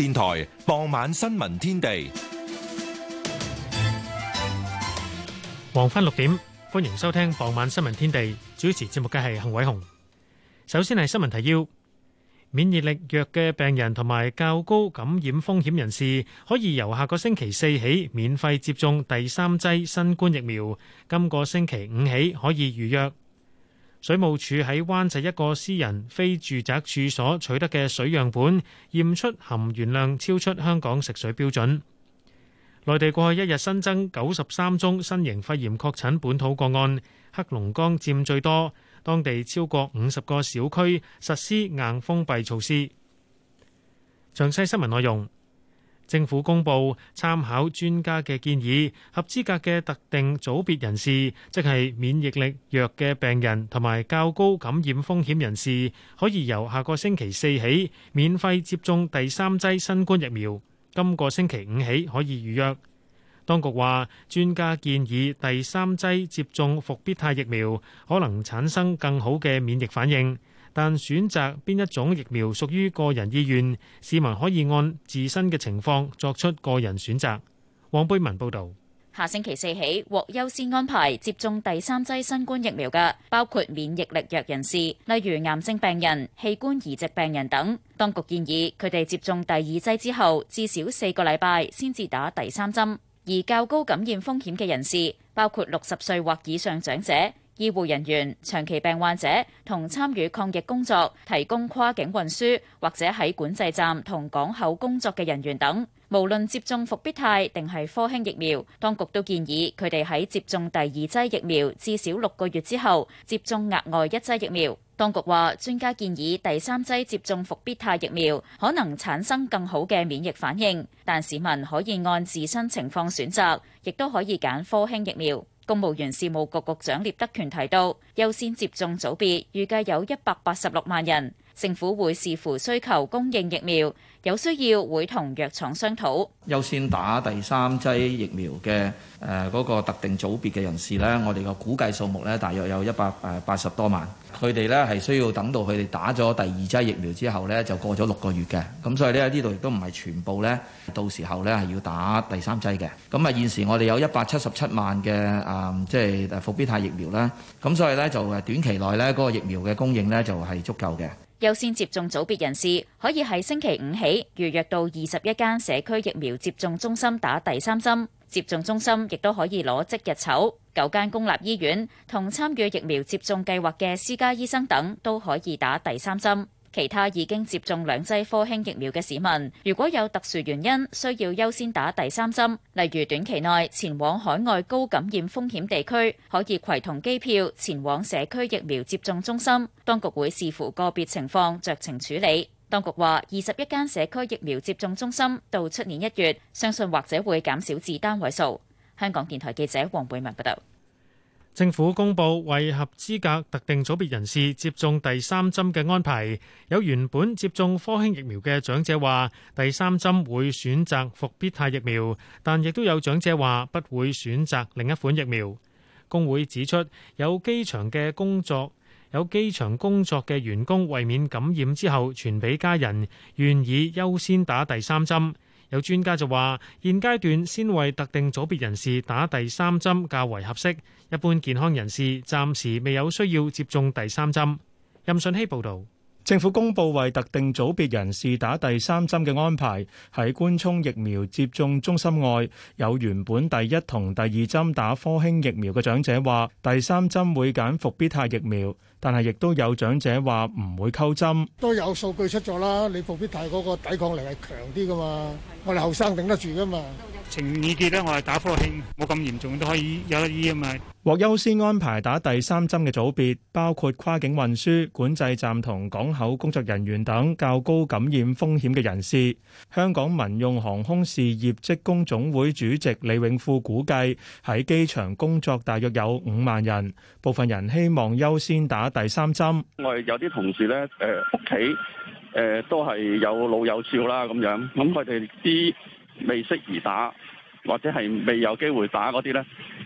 電台傍晚新聞天地，黃昏六點，歡迎收聽傍晚新聞天地。主持節目嘅係幸偉雄。首先係新聞提要：免疫力弱嘅病人同埋較高感染風險人士，可以由下個星期四起免費接種第三劑新冠疫苗。今個星期五起可以預約。水務署喺灣仔一個私人非住宅處所取得嘅水樣本，驗出含鉛量超出香港食水標準。內地過去一日新增九十三宗新型肺炎確診本土個案，黑龍江佔最多，當地超過五十個小區實施硬封閉措施。詳細新聞內容。政府公布參考專家嘅建議，合資格嘅特定組別人士，即係免疫力弱嘅病人同埋較高感染風險人士，可以由下個星期四起免費接種第三劑新冠疫苗。今個星期五起可以預約。當局話，專家建議第三劑接種復必泰疫苗，可能產生更好嘅免疫反應。但選擇邊一種疫苗屬於個人意願，市民可以按自身嘅情況作出個人選擇。黃貝文報導。下星期四起獲優先安排接種第三劑新冠疫苗嘅，包括免疫力弱人士，例如癌症病人、器官移植病人等。當局建議佢哋接種第二劑之後，至少四個禮拜先至打第三針。而較高感染風險嘅人士，包括六十歲或以上長者。醫護人員、長期病患者同參與抗疫工作、提供跨境運輸或者喺管制站同港口工作嘅人員等，無論接種復必泰定係科興疫苗，當局都建議佢哋喺接種第二劑疫苗至少六個月之後接種額外一劑疫苗。當局話，專家建議第三劑接種復必泰疫苗可能產生更好嘅免疫反應，但市民可以按自身情況選擇，亦都可以揀科興疫苗。公務員事務局局長聶德權提到，優先接種組別預計有一百八十六萬人。政府會視乎需求供應疫苗，有需要會同藥廠商討優先打第三劑疫苗嘅誒嗰個特定組別嘅人士呢，我哋嘅估計數目呢，大約有一百誒八十多萬，佢哋呢係需要等到佢哋打咗第二劑疫苗之後呢，就過咗六個月嘅，咁所以呢呢度亦都唔係全部呢，到時候呢係要打第三劑嘅。咁啊現時我哋有一百七十七萬嘅誒即係復必泰疫苗啦。咁所以呢，就誒短期內呢，嗰個疫苗嘅供應呢，就係足夠嘅。優先接種組別人士可以喺星期五起預約到二十一間社區疫苗接種中心打第三針。接種中心亦都可以攞即日籌，九間公立醫院同參與疫苗接種計劃嘅私家醫生等都可以打第三針。其他已經接種兩劑科興疫苗嘅市民，如果有特殊原因需要優先打第三針，例如短期內，前往海外高感染風險地區，可以攜同機票前往社區疫苗接種中心。當局會視乎個別情況，酌情處理。當局話，二十一間社區疫苗接種中心，到出年一月，相信或者會減少至單位數。香港電台記者黃慧文報道。政府公布為合資格特定組別人士接種第三針嘅安排，有原本接種科興疫苗嘅長者話，第三針會選擇復必泰疫苗，但亦都有長者話不會選擇另一款疫苗。工會指出，有機場嘅工作有機場工作嘅員工，為免感染之後傳俾家人，願意優先打第三針。有專家就話，現階段先為特定組別人士打第三針較為合適，一般健康人士暫時未有需要接種第三針。任信希報導。政府公布為特定組別人士打第三針嘅安排，喺官涌疫苗接種中心外，有原本第一同第二針打科興疫苗嘅長者話，第三針會揀復必泰疫苗。但係亦都有長者話唔會抽針，都有數據出咗啦。你普遍大嗰個抵抗力係強啲噶嘛，我哋後生頂得住噶嘛。情意結咧，我係打科興，冇咁嚴重都可以有得醫啊嘛。獲優先安排打第三針嘅組別包括跨境運輸管制站同港口工作人員等較高感染風險嘅人士。香港民用航空事業職工總會主席李永富估計喺機場工作大約有五萬人，部分人希望優先打第三針，我哋有啲同事咧，誒屋企誒都係有老有少啦咁樣，咁佢哋啲未適宜打或者係未有機會打嗰啲咧，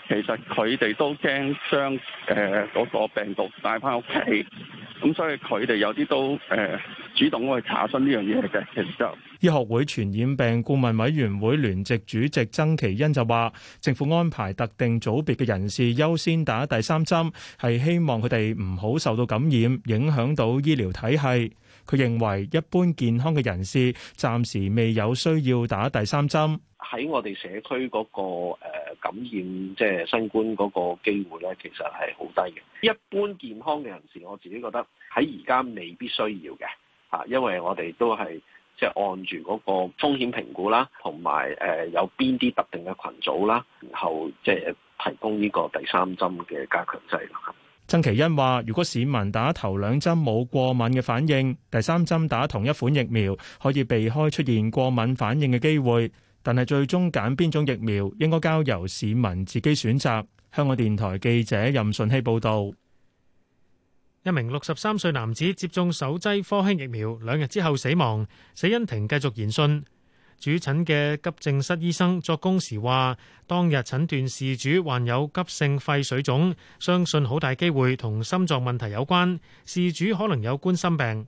其實佢哋都驚將誒嗰個病毒帶翻屋企，咁所以佢哋有啲都誒，主動去查詢呢樣嘢嘅，其實醫學會傳染病顧問委員會聯席主席曾祺恩就話：政府安排特定組別嘅人士優先打第三針，係希望佢哋唔好受到感染，影響到醫療體系。佢認為一般健康嘅人士暫時未有需要打第三針。喺我哋社區嗰個誒感染即係新冠嗰個機會咧，其實係好低嘅。一般健康嘅人士，我自己覺得喺而家未必需要嘅。因為我哋都係即係按住嗰個風險評估啦，同埋誒有邊啲特定嘅群組啦，然後即係提供呢個第三針嘅加強劑。曾奇欣話，如果市民打頭兩針冇過敏嘅反應，第三針打同一款疫苗可以避開出現過敏反應嘅機會，但係最終揀邊種疫苗應該交由市民自己選擇。香港電台記者任順希報導。一名六十三歲男子接種首劑科興疫苗，兩日之後死亡。死因庭繼續研訊，主診嘅急症室醫生作供時話：當日診斷事主患有急性肺水腫，相信好大機會同心臟問題有關。事主可能有冠心病。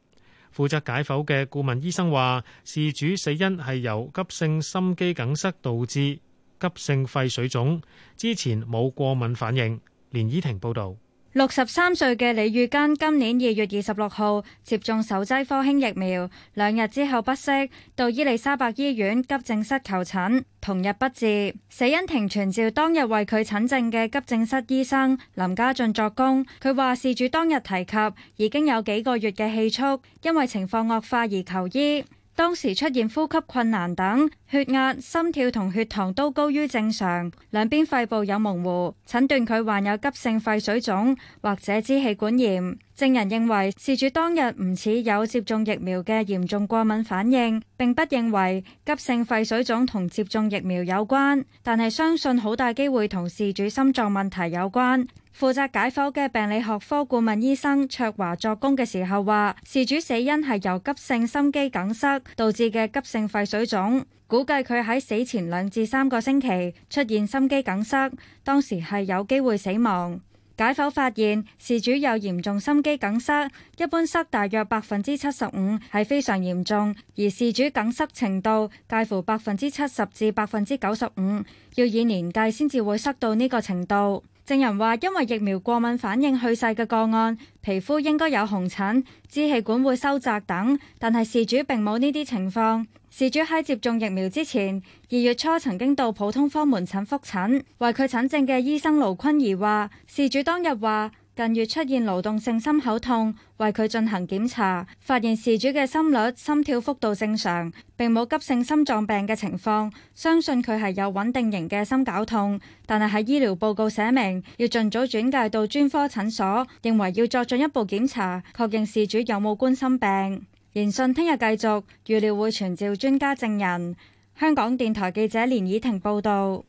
負責解剖嘅顧問醫生話：事主死因係由急性心肌梗塞導致急性肺水腫，之前冇過敏反應。連依婷報導。六十三歲嘅李宇根，今年二月二十六號接種首劑科興疫苗，兩日之後不適，到伊利沙伯醫院急症室求診，同日不治。死因庭傳召當日為佢診症嘅急症室醫生林家俊作供，佢話事主當日提及已經有幾個月嘅氣促，因為情況惡化而求醫。當時出現呼吸困難等，血壓、心跳同血糖都高於正常，兩邊肺部有模糊，診斷佢患有急性肺水腫或者支氣管炎。證人認為事主當日唔似有接種疫苗嘅嚴重過敏反應，並不認為急性肺水腫同接種疫苗有關，但係相信好大機會同事主心臟問題有關。負責解剖嘅病理學科顧問醫生卓華作供嘅時候話，事主死因係由急性心肌梗塞導致嘅急性肺水腫。估計佢喺死前兩至三個星期出現心肌梗塞，當時係有機會死亡。解剖發現，事主有嚴重心肌梗塞，一般塞大約百分之七十五係非常嚴重，而事主梗塞程度介乎百分之七十至百分之九十五，要以年計先至會塞到呢個程度。證人話，因為疫苗過敏反應去世嘅個案，皮膚應該有紅疹、支氣管會收窄等，但係事主並冇呢啲情況。事主喺接種疫苗之前，二月初曾經到普通科門診複診，為佢診症嘅醫生盧坤儀話，事主當日話。近月出現勞動性心口痛，為佢進行檢查，發現事主嘅心率、心跳幅度正常，並冇急性心臟病嘅情況，相信佢係有穩定型嘅心絞痛。但係喺醫療報告寫明，要儘早轉介到專科診所，認為要作進一步檢查，確認事主有冇冠心病。研訊聽日繼續，預料會傳召專家證人。香港電台記者連以婷報導。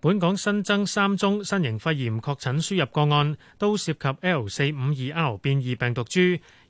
本港新增三宗新型肺炎確診輸入個案，都涉及 L 四五二 R 變異病毒株，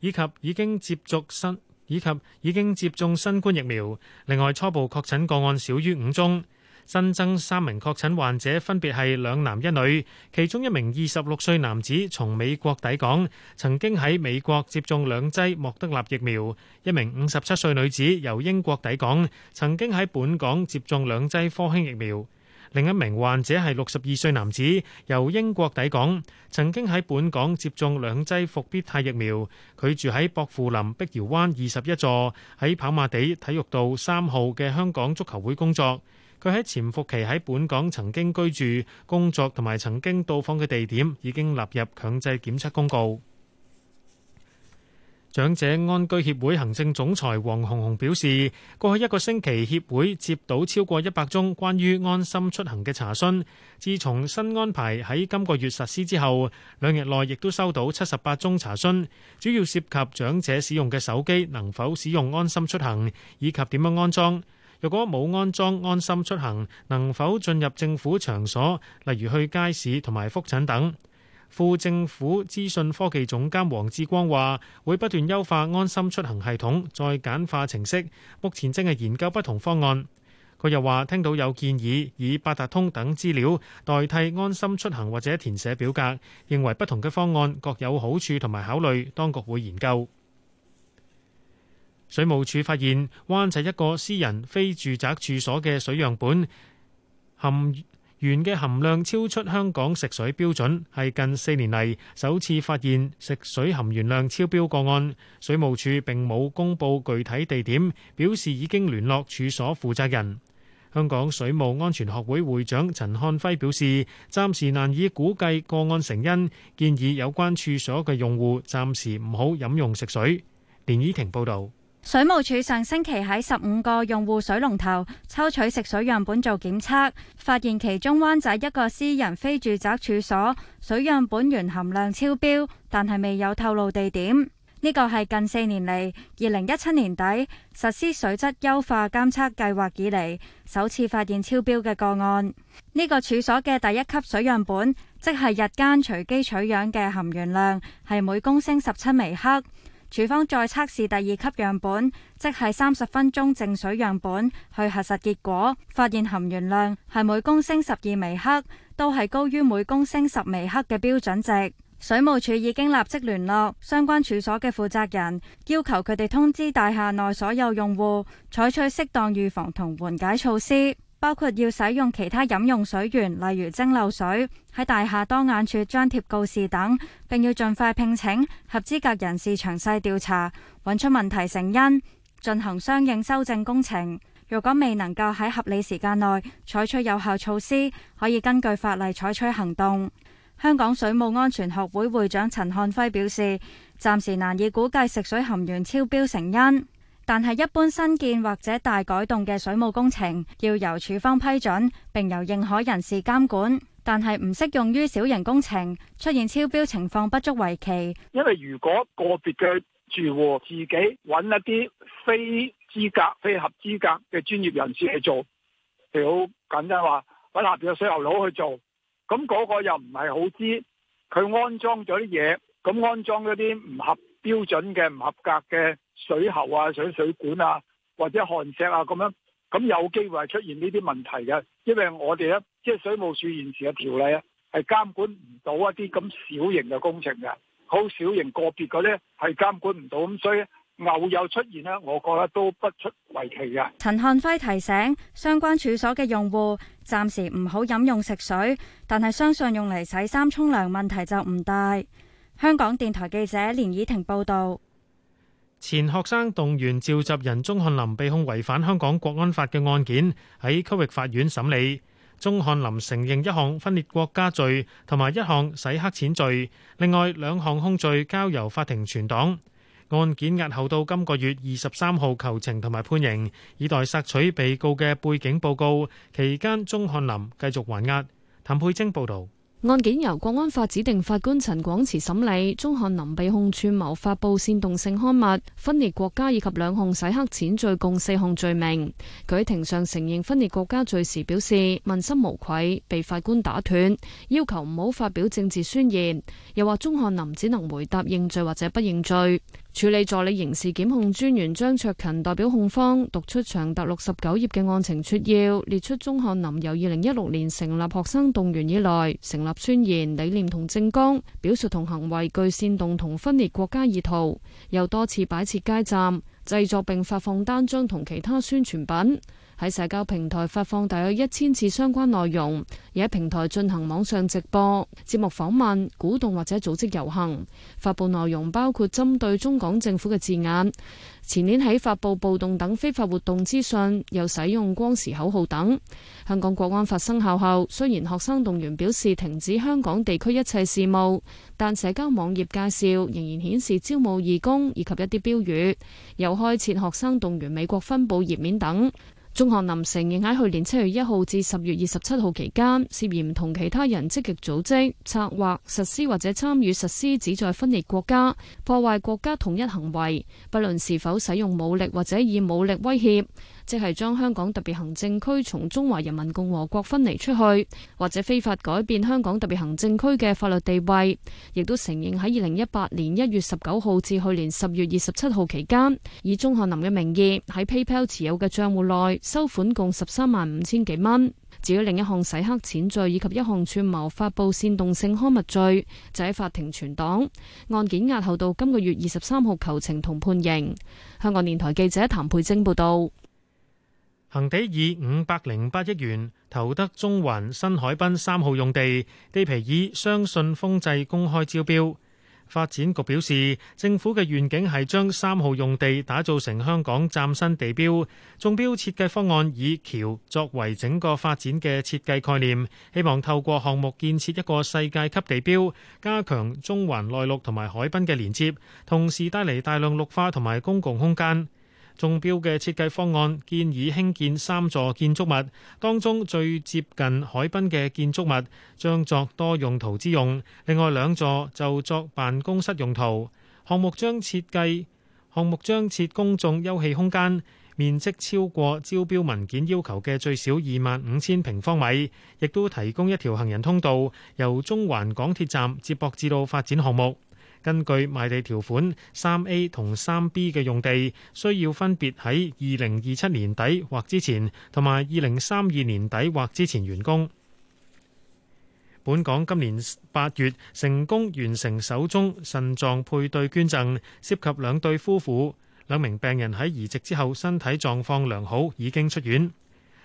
以及已經接觸新以及已經接種新冠疫苗。另外，初步確診個案少於五宗，新增三名確診患者分別係兩男一女，其中一名二十六歲男子從美國抵港，曾經喺美國接種兩劑莫德納疫苗；一名五十七歲女子由英國抵港，曾經喺本港接種兩劑科興疫苗。另一名患者係六十二歲男子，由英國抵港，曾經喺本港接種兩劑復必泰疫苗。佢住喺薄扶林碧瑤灣二十一座，喺跑馬地體育道三號嘅香港足球會工作。佢喺潛伏期喺本港曾經居住、工作同埋曾經到訪嘅地點已經納入強制檢測公告。長者安居協會行政總裁黃紅紅表示，過去一個星期，協會接到超過一百宗關於安心出行嘅查詢。自從新安排喺今個月實施之後，兩日內亦都收到七十八宗查詢，主要涉及長者使用嘅手機能否使用安心出行，以及點樣安裝。若果冇安裝安心出行，能否進入政府場所，例如去街市同埋復診等？副政府資訊科技總監黃志光話：會不斷優化安心出行系統，再簡化程式。目前正係研究不同方案。佢又話：聽到有建議以八達通等資料代替安心出行或者填寫表格，認為不同嘅方案各有好處同埋考慮，當局會研究。水務署發現灣仔一個私人非住宅處所嘅水樣本含鉛嘅含量超出香港食水標準，係近四年嚟首次發現食水含鉛量超標個案。水務署並冇公布具體地點，表示已經聯絡處所負責人。香港水務安全學會會長陳漢輝表示，暫時難以估計個案成因，建議有關處所嘅用戶暫時唔好飲用食水。連依婷報道。水務署上星期喺十五個用戶水龍頭抽取食水樣本做檢測，發現其中灣仔一個私人非住宅處所水樣本鉛含量超標，但係未有透露地點。呢個係近四年嚟，二零一七年底實施水質優化監測計劃以嚟首次發現超標嘅個案。呢、這個處所嘅第一級水樣本，即係日間隨機取樣嘅含鉛量係每公升十七微克。署方再測試第二級樣本，即係三十分鐘淨水樣本，去核實結果，發現含鉛量係每公升十二微克，都係高於每公升十微克嘅標準值。水務署已經立即聯絡相關處所嘅負責人，要求佢哋通知大廈內所有用戶，採取適當預防同緩解措施。包括要使用其他飲用水源，例如蒸餾水；喺大廈當眼處張貼告示等，並要盡快聘請合資格人士詳細調查，揾出問題成因，進行相應修正工程。若果未能夠喺合理時間內採取有效措施，可以根據法例採取行動。香港水務安全學會會長陳漢輝表示，暫時難以估計食水含鉛超標成因。但係一般新建或者大改動嘅水務工程要由署方批准，並由認可人士監管。但係唔適用於小型工程，出現超標情況不足為奇。因為如果個別嘅住戶自己揾一啲非資格、非合資格嘅專業人士去做，譬如好簡單話揾下邊嘅水喉佬去做，咁、那、嗰個又唔係好知佢安裝咗啲嘢，咁安裝咗啲唔合標準嘅、唔合格嘅。水喉啊、上水,水管啊或者焊石啊咁樣咁有機會係出現呢啲問題嘅，因為我哋咧即係水務署現時嘅條例啊，係監管唔到一啲咁小型嘅工程嘅，好小型個別嘅咧係監管唔到，咁所以偶有出現咧，我覺得都不出為奇嘅。陳漢輝提醒相關處所嘅用戶暫時唔好飲用食水，但係相信用嚟洗衫沖涼問題就唔大。香港電台記者連以婷報道。前學生動員召集人鍾翰林被控違反香港國安法嘅案件喺區域法院審理。鍾翰林承認一項分裂國家罪同埋一項洗黑錢罪，另外兩項控罪交由法庭存檔。案件押後到今個月二十三號求情同埋判刑，以待索取被告嘅背景報告。期間鍾翰林繼續還押。譚佩晶報導。案件由國安法指定法官陳廣池審理，鍾漢林被控串謀發布煽動性刊物、分裂國家以及兩項洗黑錢罪，共四項罪名。佢喺庭上承認分裂國家罪時表示，問心無愧，被法官打斷，要求唔好發表政治宣言，又話鍾漢林只能回答認罪或者不認罪。處理助理刑事檢控專員張卓勤代表控方讀出長達六十九頁嘅案情撮要，列出鍾翰林由二零一六年成立學生動源以來，成立宣言、理念同政綱，表述同行為具煽動同分裂國家意圖，又多次擺設街站，製作並發放單張同其他宣傳品。喺社交平台發放大約一千次相關內容，而喺平台進行網上直播、節目訪問、鼓動或者組織遊行，發布內容包括針對中港政府嘅字眼。前年喺發布暴動等非法活動資訊，又使用光時口號等。香港國安法生效後，雖然學生動員表示停止香港地區一切事務，但社交網頁介紹仍然顯示招募義工以及一啲標語，又開設學生動員美國分部頁面等。鍾翰林承認喺去年七月一號至十月二十七號期間，涉嫌同其他人積極組織、策劃、實施或者參與實施旨在分裂國家、破壞國家統一行為，不論是否使用武力或者以武力威脅。即係將香港特別行政區從中華人民共和國分離出去，或者非法改變香港特別行政區嘅法律地位，亦都承認喺二零一八年一月十九號至去年十月二十七號期間，以鍾翰林嘅名義喺 PayPal 持有嘅帳戶內收款共十三萬五千幾蚊。至於另一項洗黑錢罪以及一項串謀發布煽動性刊物罪，就喺法庭存檔，案件押後到今個月二十三號求情同判刑。香港電台記者譚佩晶報導。恒地以五百零八億元投得中環新海濱三號用地，地皮以雙信封制公開招標。發展局表示，政府嘅願景係將三號用地打造成香港嶄新地標。中標設計方案以橋作為整個發展嘅設計概念，希望透過項目建設一個世界級地標，加強中環內陸同埋海濱嘅連接，同時帶嚟大量綠化同埋公共空間。中標嘅設計方案建議興建三座建築物，當中最接近海濱嘅建築物將作多用途之用，另外兩座就作辦公室用途。項目將設計項目將設公眾休憩空間，面積超過招標文件要求嘅最少二萬五千平方米，亦都提供一條行人通道，由中環港鐵站接駁至到發展項目。根據賣地條款，三 A 同三 B 嘅用地需要分別喺二零二七年底或之前，同埋二零三二年底或之前完工。本港今年八月成功完成首宗腎臟配對捐贈，涉及兩對夫婦，兩名病人喺移植之後身體狀況良好，已經出院。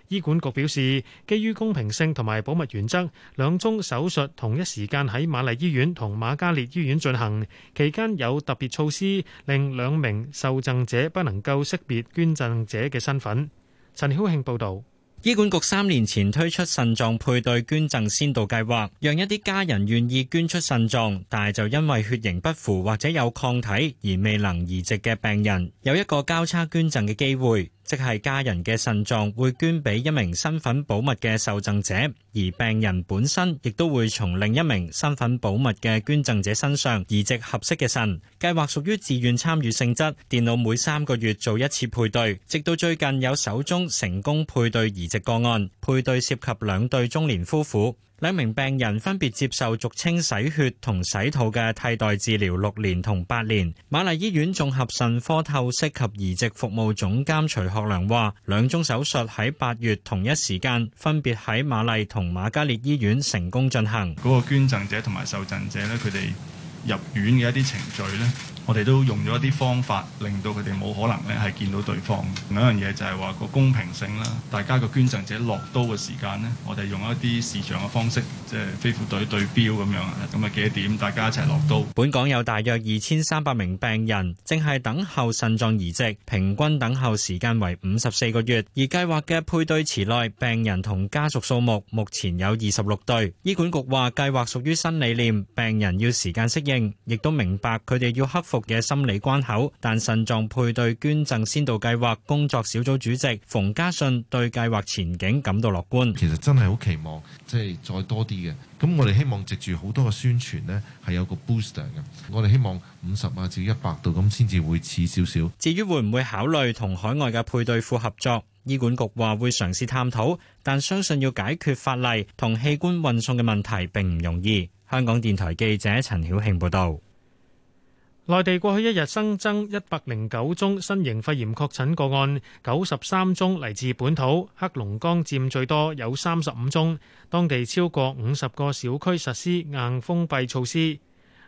醫管局表示，基於公平性同埋保密原則，兩宗手術同一時間喺瑪麗醫院同瑪嘉烈醫院進行，期間有特別措施令兩名受贈者不能夠識別捐贈者嘅身份。陳曉慶報導，醫管局三年前推出腎臟配對捐贈先導計劃，讓一啲家人願意捐出腎臟，但係就因為血型不符或者有抗體而未能移植嘅病人，有一個交叉捐贈嘅機會。即係家人嘅腎臟會捐俾一名身份保密嘅受贈者，而病人本身亦都會從另一名身份保密嘅捐贈者身上移植合適嘅腎。計劃屬於自願參與性質，電腦每三個月做一次配對，直到最近有首宗成功配對移植個案，配對涉及兩對中年夫婦。兩名病人分別接受俗稱洗血同洗肚嘅替代治療六年同八年。瑪麗醫院綜合腎科透析及移植服務總監徐學良話：兩宗手術喺八月同一時間，分別喺瑪麗同瑪嘉烈醫院成功進行。嗰個捐贈者同埋受贈者咧，佢哋入院嘅一啲程序咧。我哋都用咗一啲方法，令到佢哋冇可能咧係見到對方。兩樣嘢就係話個公平性啦，大家個捐贈者落刀嘅時間咧，我哋用一啲市場嘅方式，即係飛虎隊對標咁樣啊，咁啊幾點大家一齊落刀。本港有大約二千三百名病人正係等候腎臟移植，平均等候時間為五十四個月。而計劃嘅配對池內病人同家屬數目目前有二十六對。醫管局話計劃屬於新理念，病人要時間適應，亦都明白佢哋要克服服嘅心理關口，但腎臟配對捐贈先導計劃工作小組主席馮家信對計劃前景感到樂觀。其實真係好期望，即係再多啲嘅，咁我哋希望藉住好多嘅宣傳呢係有個 booster 嘅。我哋希望五十啊至一百度咁，先至會似少少。至於會唔會考慮同海外嘅配對庫合作？醫管局話會嘗試探討，但相信要解決法例同器官運送嘅問題，並唔容易。香港電台記者陳曉慶報道。內地過去一日新增一百零九宗新型肺炎確診個案，九十三宗嚟自本土，黑龍江佔最多，有三十五宗。當地超過五十個小區實施硬封閉措施。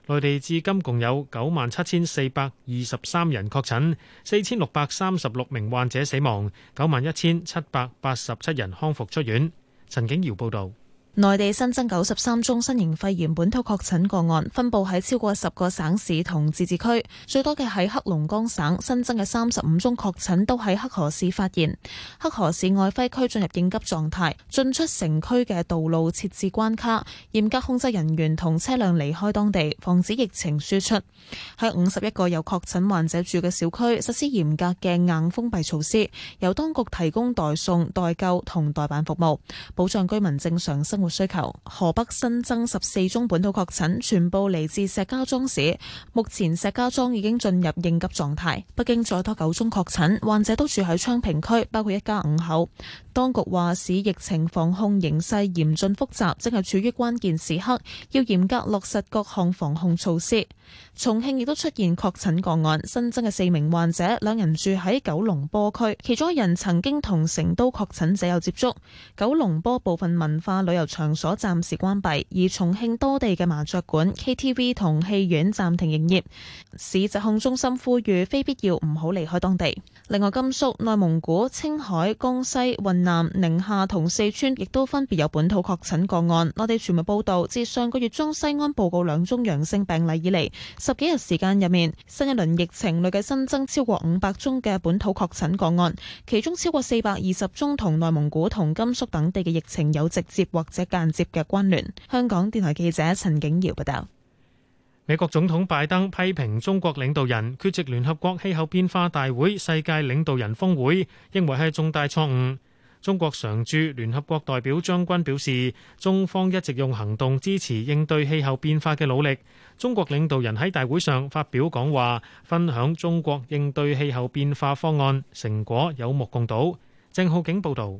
內地至今共有九萬七千四百二十三人確診，四千六百三十六名患者死亡，九萬一千七百八十七人康復出院。陳景堯報道。內地新增九十三宗新型肺炎本土確診個案，分布喺超過十個省市同自治區，最多嘅喺黑龍江省，新增嘅三十五宗確診都喺黑河市發現。黑河市愛輝區進入應急狀態，進出城區嘅道路設置關卡，嚴格控制人員同車輛離開當地，防止疫情輸出。喺五十一個有確診患者住嘅小區實施嚴格嘅硬封閉措施，由當局提供代送、代購同代辦服務，保障居民正常生活。需求。河北新增十四宗本土確診，全部嚟自石家莊市。目前石家莊已經進入應急狀態，北京再多九宗確診，患者都住喺昌平區，包括一家五口。當局話市疫情防控形勢嚴峻複雜，正係處於關鍵時刻，要嚴格落實各項防控措施。重慶亦都出現確診個案，新增嘅四名患者，兩人住喺九龍坡區，其中一人曾經同成都確診者有接觸。九龍坡部分文化旅遊場所暫時關閉，而重慶多地嘅麻雀館、KTV 同戲院暫停營業。市疾控中心呼籲非必要唔好離開當地。另外，甘肅、內蒙古、青海、江西、雲南、寧夏同四川亦都分別有本土確診個案。內地傳媒報道，自上個月中西安報告兩宗陽性病例以嚟，十幾日時間入面，新一輪疫情累計新增超過五百宗嘅本土確診個案，其中超過四百二十宗同內蒙古同甘肅等地嘅疫情有直接或者間接嘅關聯。香港電台記者陳景瑤報道。美國總統拜登批評中國領導人缺席聯合國氣候變化大會、世界領導人峰會，認為係重大錯誤。中國常駐聯合國代表張軍表示，中方一直用行動支持應對氣候變化嘅努力。中國領導人喺大會上發表講話，分享中國應對氣候變化方案成果，有目共睹。鄭浩景報道。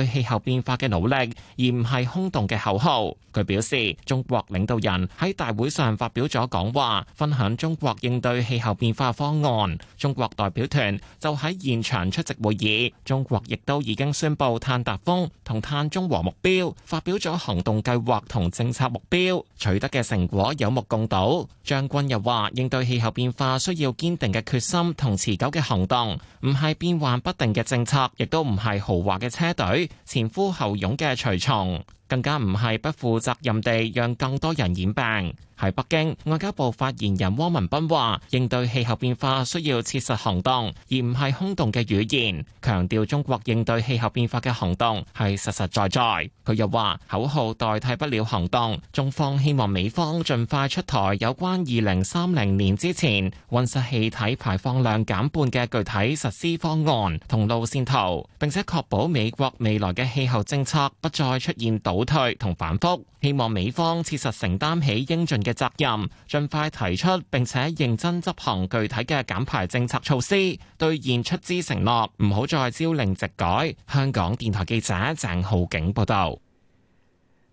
對氣候變化嘅努力，而唔係空洞嘅口號。佢表示，中國領導人喺大會上發表咗講話，分享中國應對氣候變化方案。中國代表團就喺現場出席會議。中國亦都已經宣布碳達峰同碳中和目標，發表咗行動計劃同政策目標，取得嘅成果有目共睹。張軍又話，應對氣候變化需要堅定嘅決心同持久嘅行動，唔係變幻不定嘅政策，亦都唔係豪華嘅車隊。前呼後擁嘅隨從，更加唔係不負責任地讓更多人染病。喺北京，外交部發言人汪文斌話應對氣候變化需要切實行動，而唔係空洞嘅語言。強調中國應對氣候變化嘅行動係實實在在，在。佢又話口號代替不了行動，中方希望美方盡快出台有關二零三零年之前溫室氣體排放量減半嘅具體實施方案同路線圖，並且確保美國未來嘅氣候政策不再出現倒。倒退同反覆，希望美方切實承擔起應盡嘅責任，盡快提出並且認真執行具體嘅減排政策措施，兌現出資承諾，唔好再朝令夕改。香港電台記者鄭浩景報道。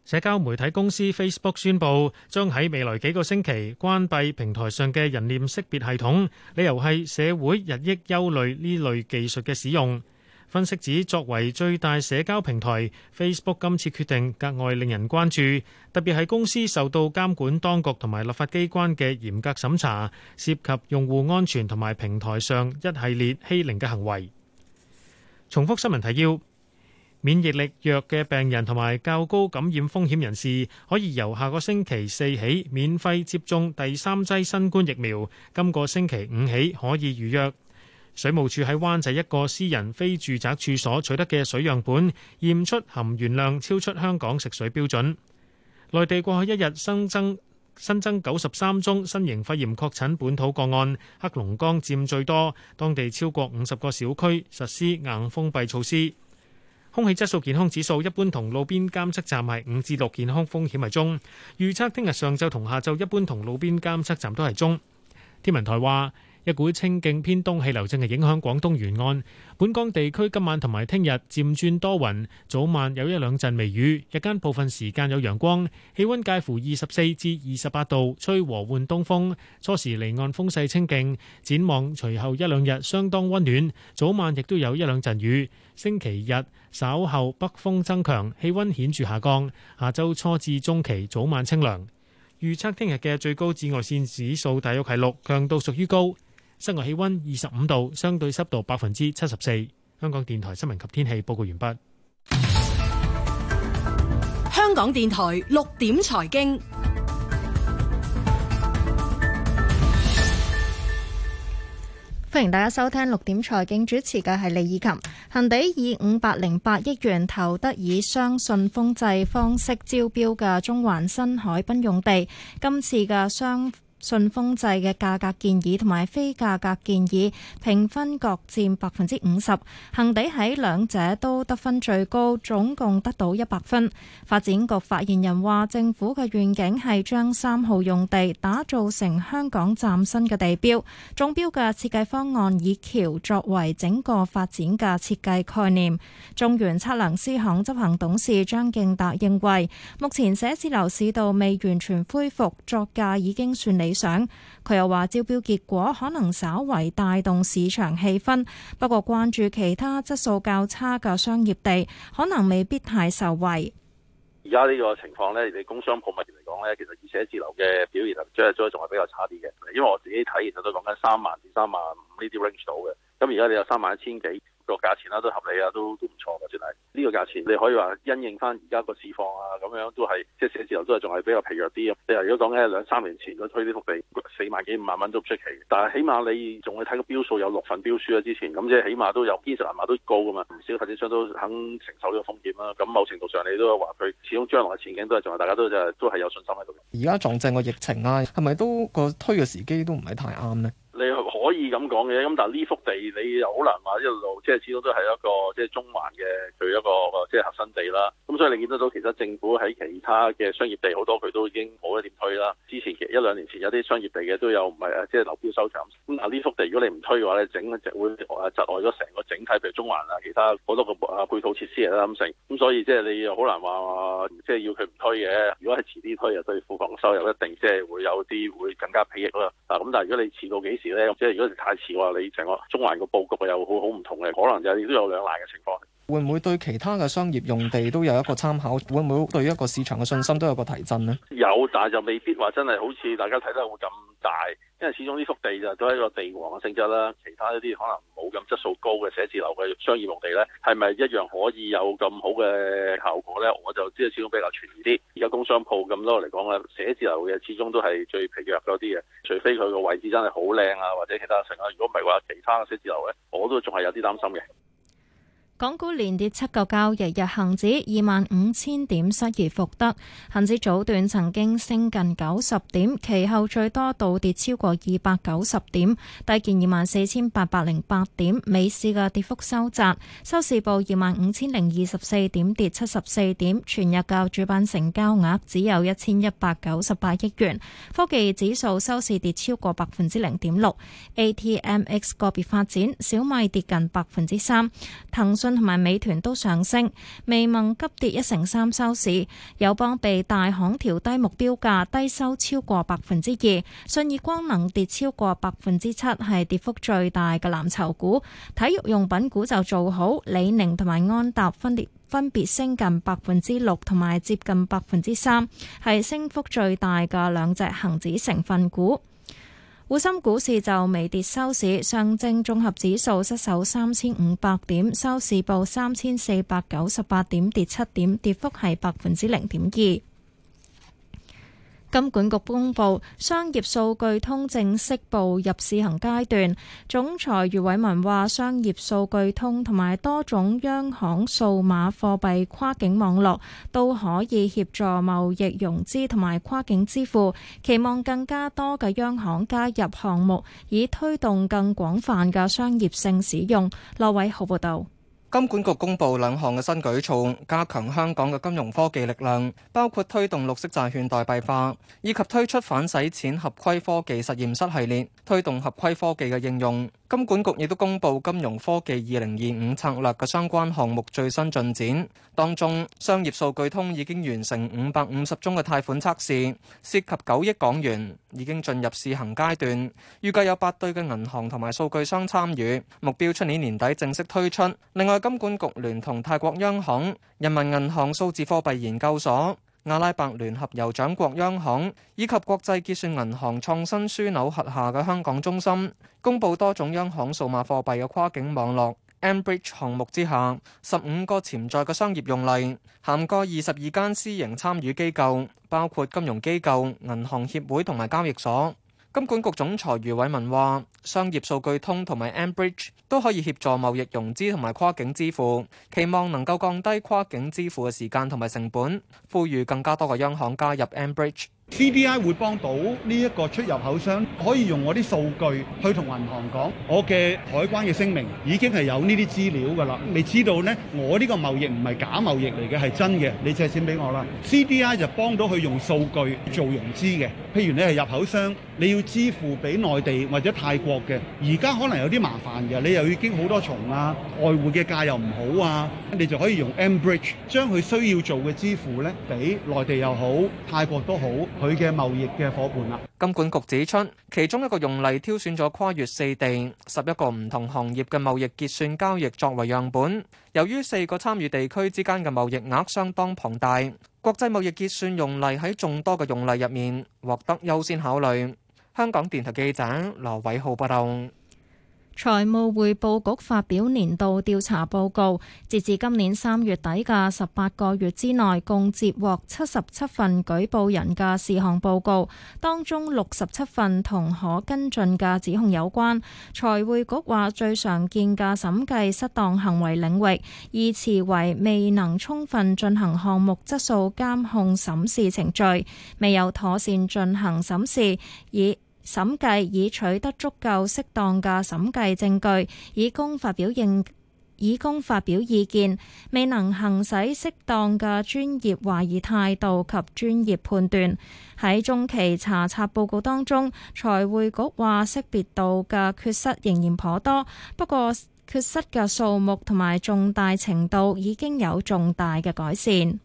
社交媒體公司 Facebook 宣布，將喺未來幾個星期關閉平台上嘅人臉識別系統，理由係社會日益憂慮呢類技術嘅使用。分析指，作為最大社交平台 Facebook 今次決定，格外令人關注。特別係公司受到監管當局同埋立法機關嘅嚴格審查，涉及用戶安全同埋平台上一系列欺凌嘅行為。重複新聞提要：免疫力弱嘅病人同埋較高感染風險人士，可以由下個星期四起免費接種第三劑新冠疫苗。今個星期五起可以預約。水務署喺灣仔一個私人非住宅處所取得嘅水樣本，驗出含鉛量超出香港食水標準。內地過去一日新增新增九十三宗新型肺炎確診本土個案，黑龍江佔最多，當地超過五十個小區實施硬封閉措施。空氣質素健康指數一般同路邊監測站係五至六，健康風險為中。預測聽日上晝同下晝一般同路邊監測站都係中。天文台話。一股清勁偏東氣流正係影響廣東沿岸，本港地區今晚同埋聽日漸轉多雲，早晚有一兩陣微雨，日間部分時間有陽光，氣溫介乎二十四至二十八度，吹和緩東風，初時離岸風勢清勁，展望隨後一兩日相當溫暖，早晚亦都有一兩陣雨。星期日稍後北風增強，氣溫顯著下降。下周初至中期早晚清涼，預測聽日嘅最高紫外線指數大約係六，強度屬於高。室外氣溫二十五度，相對濕度百分之七十四。香港電台新聞及天氣報告完畢。香港電台六點財經，歡迎大家收聽六點財經，主持嘅係李以琴。恒地以五百零八億元投得以雙信封制方式招標嘅中環新海濱用地，今次嘅雙。信封制嘅價格建議同埋非價格建議評分各佔百分之五十，恆地喺兩者都得分最高，總共得到一百分。發展局發言人話：政府嘅願景係將三號用地打造成香港嶄新嘅地標。中標嘅設計方案以橋作為整個發展嘅設計概念。中原測量師行執行董事張敬達認為，目前寫字樓市道未完全恢復作價已經算理想佢又話招標結果可能稍為帶動市場氣氛，不過關注其他質素較差嘅商業地，可能未必太受惠。而家呢個情況呢，你哋工商鋪咪越講咧，其實寫字樓嘅表現啊，最近仲係比較差啲嘅，因為我自己睇，其實都講緊三萬至三萬五呢啲 range 到嘅。咁而家你有三萬一千幾個價錢啦，啊，都合理啊，都都唔錯嘅，算係呢個價錢，你可以話因應翻而家個市況啊，咁樣都係即係寫字樓都係仲係比較疲弱啲咁。你話如果講緊兩三年前嗰推呢幅地四萬幾五萬蚊都唔出奇，但係起碼你仲會睇個標數有六份標書啊，之前咁即係起碼都有堅實樓買都高噶嘛，唔少發展商都肯承受呢個風險啦。咁某程度上你都話佢始終將來嘅前景都係仲係大家都就係、是、都係有信。而家撞正個疫情啊，係咪都個推嘅時機都唔係太啱咧？你可以咁講嘅，咁但係呢幅地你又好難話一路，即係始終都係一個即係中環嘅佢一個即係核心地啦。咁所以你見得到，其實政府喺其他嘅商業地好多，佢都已經冇得點推啦。之前其實一兩年前有啲商業地嘅都有唔係啊，即係流標收場。咁啊呢幅地如果你唔推嘅話咧，你整會窒礙咗成個整體，譬如中環啊，其他好多個啊配套設施啦咁剩。咁所以即係你又好難話即係要佢唔推嘅。如果係遲啲推，又對庫房收入一定即係會有啲會更加裨益啦。啊咁，但係如果你遲到幾時？即係如果太遲嘅話，你整個中環個佈局又好好唔同嘅，可能就亦都有兩難嘅情況。會唔會對其他嘅商業用地都有一個參考？會唔會對一個市場嘅信心都有個提振呢？有，但係就未必話真係好似大家睇得會咁大，因為始終呢幅地就都係一個地王嘅性質啦。其他一啲可能冇咁質素高嘅寫字樓嘅商業用地呢，係咪一樣可以有咁好嘅效果呢？我就知道，始終比較存疑啲。而家工商鋪咁多嚟講啊，寫字樓嘅始終都係最疲弱嗰啲嘅，除非佢個位置真係好靚啊，或者其他城啊。如果唔係話其他嘅寫字樓咧，我都仲係有啲擔心嘅。港股連跌七個交易日，恒指二萬五千點失而復得，恒指早段曾經升近九十點，其後最多倒跌超過二百九十點，低見二萬四千八百零八點，尾市嘅跌幅收窄，收市報二萬五千零二十四點，跌七十四點，全日嘅主板成交額只有一千一百九十八億元，科技指數收市跌超過百分之零點六，ATMX 個別發展，小米跌近百分之三，騰訊。同埋美團都上升，微盟急跌一成三收市，友邦被大行調低目標價，低收超過百分之二。信義光能跌超過百分之七，係跌幅最大嘅藍籌股。體育用品股就做好，李寧同埋安踏分別分別升近百分之六同埋接近百分之三，係升幅最大嘅兩隻恒指成分股。滬深股市就微跌收市，上證綜合指數失守三千五百點，收市報三千四百九十八點，跌七點，跌幅係百分之零點二。金管局公布商業數據通正式步入試行階段。總裁余偉文話商業數據通同埋多種央行數碼貨幣跨境網絡都可以協助貿易融資同埋跨境支付。期望更加多嘅央行加入項目，以推動更廣泛嘅商業性使用。羅偉浩報道。金管局公布兩項嘅新舉措，加強香港嘅金融科技力量，包括推動綠色債券代幣化，以及推出反洗錢合規科技實驗室系列，推動合規科技嘅應用。金管局亦都公布金融科技二零二五策略嘅相關項目最新進展，當中商業數據通已經完成五百五十宗嘅貸款測試，涉及九億港元，已經進入試行階段，預計有八對嘅銀行同埋數據商參與，目標出年年底正式推出。另外，金管局聯同泰國央行、人民銀行數字貨幣研究所、阿拉伯聯合酋長國央行以及國際結算銀行創新樞紐轄下嘅香港中心，公布多種央行數碼貨幣嘅跨境網絡 mBridge 項目之下，十五個潛在嘅商業用例，涵蓋二十二間私營參與機構，包括金融機構、銀行協會同埋交易所。金管局總裁余偉文話，商業數據通同埋 mBridge 都可以協助貿易融資同埋跨境支付，期望能夠降低跨境支付嘅時間同埋成本，呼籲更加多嘅央行加入 mBridge。CDI 會幫到呢一個出入口商，可以用我啲數據去同銀行講，我嘅海關嘅聲明已經係有呢啲資料噶啦。你知道呢，我呢個貿易唔係假貿易嚟嘅，係真嘅。你借錢俾我啦，CDI 就幫到佢用數據做融資嘅。譬如你係入口商，你要支付俾內地或者泰國嘅，而家可能有啲麻煩嘅，你又要經好多重啊，外匯嘅價又唔好啊，你就可以用 mBridge 將佢需要做嘅支付呢，俾內地又好，泰國都好。佢嘅貿易嘅伙伴啦。金管局指出，其中一個用例挑選咗跨越四地十一個唔同行業嘅貿易結算交易作為樣本。由於四個參與地區之間嘅貿易額相當龐大，國際貿易結算用例喺眾多嘅用例入面獲得優先考慮。香港電台記者羅偉浩報道。財務匯報局發表年度調查報告，截至今年三月底嘅十八個月之內，共接獲七十七份舉報人嘅事項報告，當中六十七份同可跟進嘅指控有關。財匯局話，最常見嘅審計失當行為領域，依次為未能充分進行項目質素監控審視程序，未有妥善進行審視，以，審計已取得足夠適當嘅審計證據，以供發表認，以供發表意見，未能行使適當嘅專業懷疑態度及專業判斷。喺中期查察報告當中，財會局話識別度嘅缺失仍然頗多，不過缺失嘅數目同埋重大程度已經有重大嘅改善。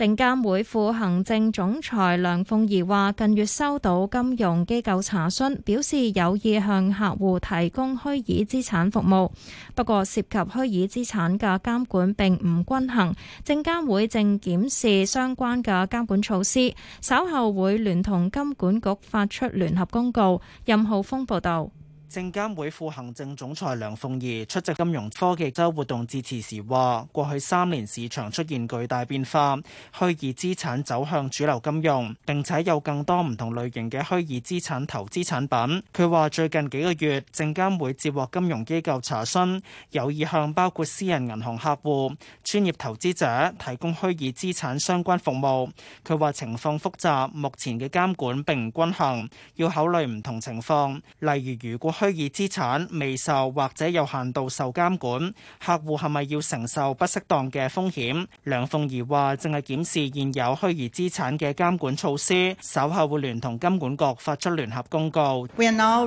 證監會副行政總裁梁鳳儀話，近月收到金融機構查詢，表示有意向客戶提供虛擬資產服務，不過涉及虛擬資產嘅監管並唔均衡，證監會正檢視相關嘅監管措施，稍後會聯同金管局發出聯合公告。任浩峰報道。證監會副行政總裁梁鳳儀出席金融科技周活動致辭時話：過去三年市場出現巨大變化，虛擬資產走向主流金融，並且有更多唔同類型嘅虛擬資產投資產品。佢話最近幾個月，證監會接獲金融機構查詢，有意向包括私人銀行客戶、專業投資者提供虛擬資產相關服務。佢話情況複雜，目前嘅監管並唔均衡，要考慮唔同情況，例如如果。虛擬資產未受或者有限度受監管，客戶係咪要承受不適當嘅風險？梁鳳儀話：正係檢視現有虛擬資產嘅監管措施，稍後會聯同金管局發出聯合公告。We are now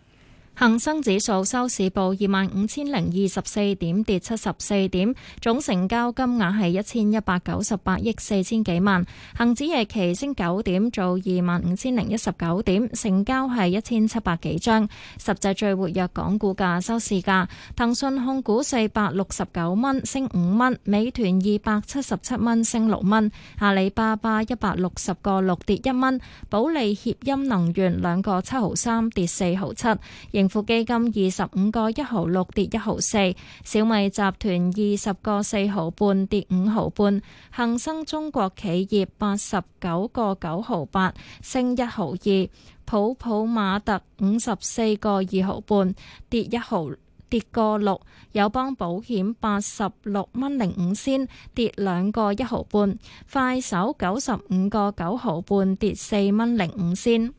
恒生指數收市報二萬五千零二十四點，跌七十四點，總成交金額係一千一百九十八億四千幾萬。恒指夜期升九點，做二萬五千零一十九點，成交係一千七百幾張。十隻最活躍港股價收市價：騰訊控股四百六十九蚊，升五蚊；美團二百七十七蚊，升六蚊；阿里巴巴一百六十個六跌一蚊；保利協鑫能源兩個七毫三跌四毫七。仍富基金二十五個一毫六跌一毫四，4, 小米集團二十個四毫半跌五毫半，恒生中國企業八十九個九毫八升一毫二，普普馬特五十四個二毫半跌一毫跌個六，友邦保險八十六蚊零五仙跌兩個一毫半，快手九十五個九毫半跌四蚊零五仙，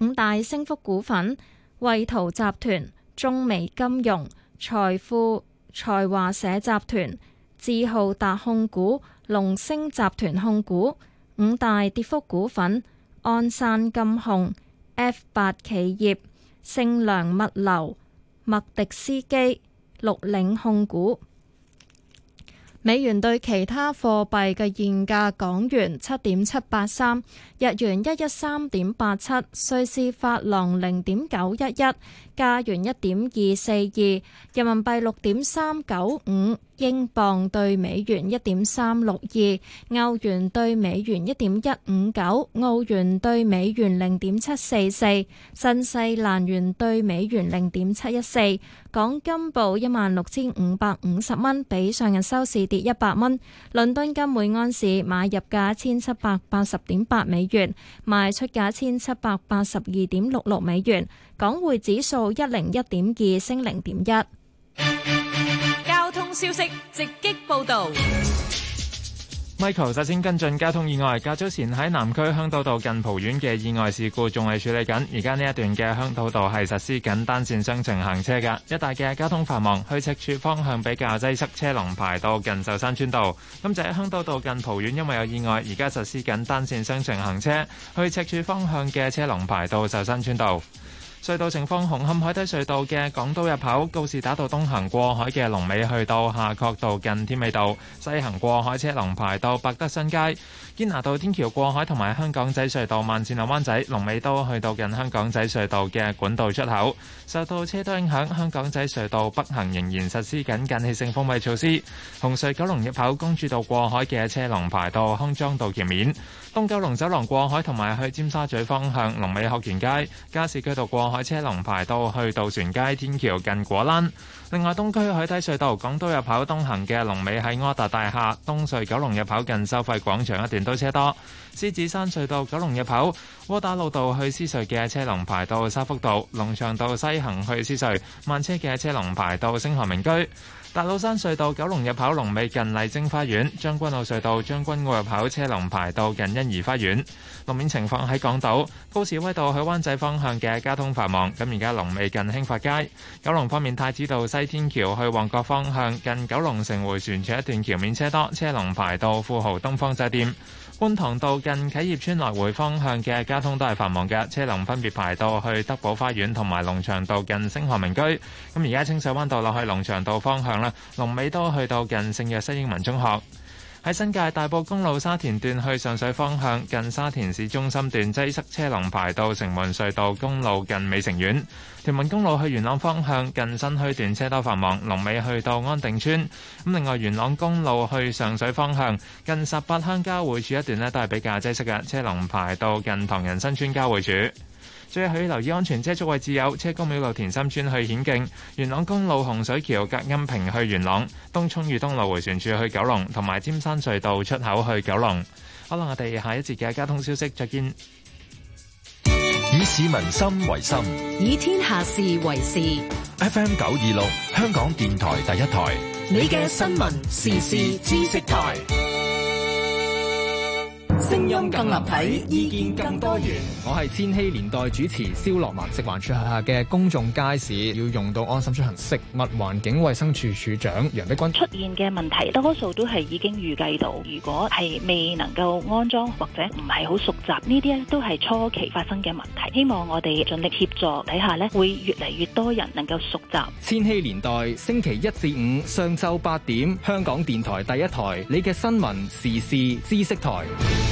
五大升幅股份。惠陶集團、中美金融、財富財華社集團、智浩達控股、龍星集團控股。五大跌幅股份，安山金控、F 八企業、盛良物流、麥迪斯基、綠嶺控股。美元兌其他貨幣嘅現價：港元七點七八三，日元一一三點八七，瑞士法郎零點九一一。加元一點二四二，人民幣六點三九五，英鎊對美元一點三六二，歐元對美元一點一五九，澳元對美元零點七四四，新西蘭元對美元零點七一四。港金報一萬六千五百五十蚊，比上日收市跌一百蚊。倫敦金每安士買入價一千七百八十點八美元，賣出價一千七百八十二點六六美元。港匯指數，一零一點二升零點一。交通消息直擊報道，Michael 首先跟進交通意外。較早前喺南區香島道近蒲苑嘅意外事故仲係處理緊，而家呢一段嘅香島道係實施緊單線雙程行車噶。一帶嘅交通繁忙，去赤柱方向比較擠塞，車龍排到近壽山村道。咁就喺香島道近蒲苑，因為有意外，而家實施緊單線雙程行車，去赤柱方向嘅車龍排到壽山村道。隧道情況：紅磡海底隧道嘅港島入口、告士打道東行過海嘅龍尾去到下角道近天美道；西行過海車龍排到百德新街、堅拿道天橋過海同埋香港仔隧道慢線南灣仔龍尾都去到近香港仔隧道嘅管道出口。受到車多影響，香港仔隧道北行仍然實施緊緊氣性封閉措施。紅隧九龍入口公主道過海嘅車龍排到康莊道橋面。東九龍走廊過海同埋去尖沙咀方向，龍尾鶴園街；加士居道過海車龍排到去渡船街天橋近果欄。另外，東區海底隧道港島入口東行嘅龍尾喺柯達大廈；東隧九龍入口近收費廣場一段都車多。獅子山隧道九龍入口窩打老道去獅隧嘅車龍排到沙福道；龍翔道西行去獅隧慢車嘅車龍排到星河名居。大老山隧道九龍入口龍尾近麗晶花園，將軍澳隧道將軍澳入口車龍排到近欣怡花園。路面情況喺港島高士威道去灣仔方向嘅交通繁忙，咁而家龍尾近興發街。九龍方面太子道西天橋去旺角方向近九龍城回旋處一段橋面車多，車龍排到富豪東方酒店。觀塘道近啟業村來回方向嘅交通都係繁忙嘅，車龍分別排到去德寶花園同埋龍翔道近星河民居。咁而家清水灣道落去龍翔道方向啦，龍尾都去到近聖若瑟英文中學。喺新界大埔公路沙田段去上水方向，近沙田市中心段擠塞，車龍排到城門隧道公路近美城苑。屯門公路去元朗方向，近新墟段車多繁忙，龍尾去到安定村。咁另外，元朗公路去上水方向，近十八鄉交匯處一段呢都係比較擠塞嘅，車龍排到近唐人新村交匯處。最後要留意安全，車速為自有車公廟路田心村去顯徑，元朗公路洪水橋隔音屏去元朗，東涌裕東路回旋處去九龍，同埋尖山隧道出口去九龍。好啦，我哋下一節嘅交通消息，再見。以市民心為心，以天下事為事。FM 九二六，香港電台第一台，你嘅新聞時事知識台。聲音更立體，意見更多元。我係千禧年代主持蕭樂文，食環署轄下嘅公眾街市要用到安心出行。食物環境衛生署署長楊碧君。出現嘅問題多數都係已經預計到，如果係未能夠安裝或者唔係好熟習，呢啲咧都係初期發生嘅問題。希望我哋盡力協助底下咧，會越嚟越多人能夠熟習。千禧年代星期一至五上晝八點，香港電台第一台，你嘅新聞時事知識台。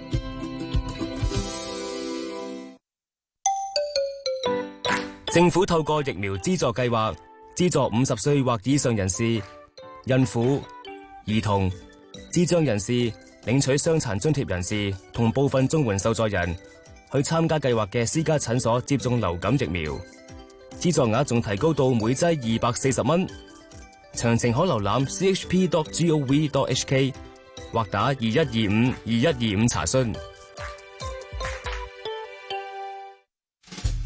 政府透過疫苗資助計劃，資助五十歲或以上人士、孕婦、兒童、智障人士、領取傷殘津貼人士同部分綜援受助人去參加計劃嘅私家診所接種流感疫苗。資助額仲提高到每劑二百四十蚊。詳情可瀏覽 c h p dot g o v dot h k 或打二一二五二一二五查詢。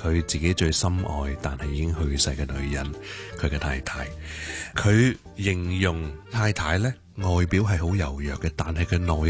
佢自己最深愛，但係已經去世嘅女人，佢嘅太太。佢形容太太咧，外表係好柔弱嘅，但係佢內。